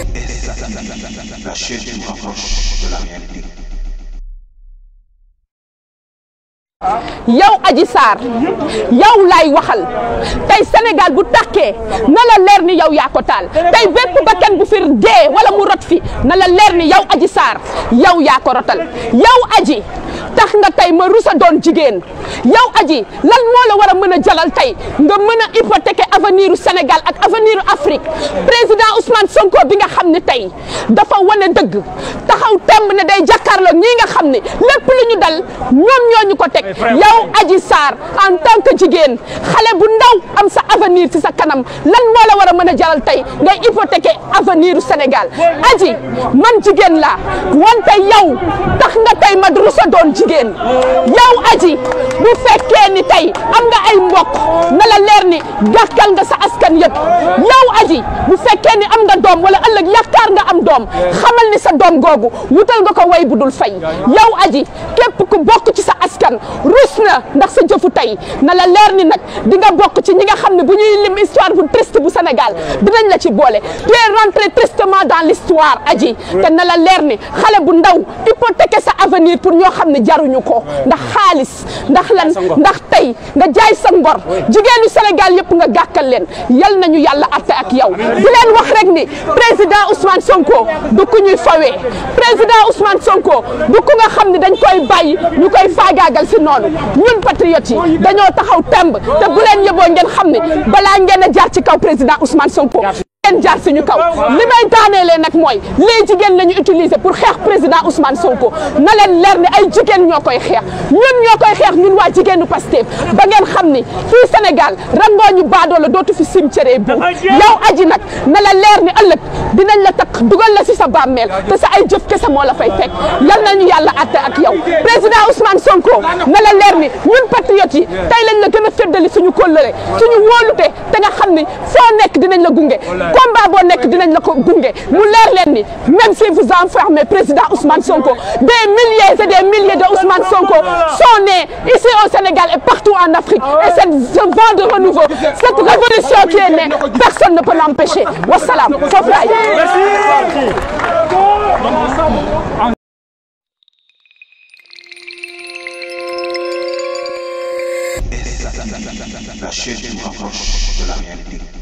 SATV, la chaîne qui rapproche waxal tey Sénégal bu tàkkee na la leer ni yow yaa ko taal tey bépp bakkan bu fir dee wala mu rot fi na la leer ni yow Adji Sarr yow yaa ko rotal yow Adji tax nga tey ma rusa doon jigéen yow aji lan moo la war a mën a jalal tey nga mën a hypothéquer avenir u Sénégal ak avenir u Afrique président Ousmane Sonko bi nga xam ne tey dafa wane dëgg taxaw temb ne day jàkkaarloog ñii nga xam ne lépp lu ñu dal ñoom ñoo ñu ko teg yow aji Sarr en tant que jigéen xale bu ndaw am sa avenir si sa kanam lan moo la war a mën a jaral tey ngay hypothéquer avenir Sénégal Adji man jigéen la wante yow tax nga tey ma rusa doon jigéen yow Adji bu fekkee ni ne gàkkal nga sa askan yëpp yow aji bu fekkee ni am nga doom wala ëllëg yaakaar nga am doom xamal ni sa doom googu wutal nga ko way bu dul fay yow aji képp ku bokk ci sa askan rus na ndax sa jëfu tey na la leer ni nag di nga bokk ci ñi nga xam ne bu ñuy lim histoire bu triste bu Sénégal dinañ la ci boole tu es triste dans l'histoire aji te na la leer ne xale bu ndaw hypothéquer sa avenir pour ñoo xam ne jaruñu ko ndax xaalis ndax lan ndax tey nga jaay sa ngor jigéenu Sénégal yëpp nga gàkkal leen yal nañu yàlla atte ak yow di leen wax rek ni président Ousmane Sonko du ku ñuy fawee président Ousmane Sonko du ku nga xam ni dañ koy bàyyi ñu koy faagaagal si noonu ñun patriotes yi dañoo taxaw temb te bu leen ngeen xam ne balaa ngeen a jaar ci kaw président Ousmane Sonko ngeen jaar suñu kaw li may daaneelee nag mooy les jigéen la ñu utiliser pour xeex président Ousmane Sonko na leen leer ne ay jigéen ñoo koy xeex ñun ñoo koy xeex ñun waa jigéenu Pastef ba ngeen xam ni fii Sénégal rangoo ñu baadoo la dootu fi sim cëree bu yow aji nag na la leer ni ëllëg dinañ la takk dugal la si sa bàmmeel te sa ay jëf kese moo la fay fekk yal nañu yàlla àtte ak yow président Ousmane Sonko na la leer ni ñun patriotes yi tey lañ la gën a féddali suñu kóllëre suñu wóolute te nga xam ni foo dinañ la gunge combat même si vous enfermez président Ousmane Sonko des milliers et des milliers de Ousmane Sonko sont nés ici au Sénégal et partout en Afrique et cette ce vent de renouveau cette révolution qui est née personne ne peut l'empêcher Wassalam, La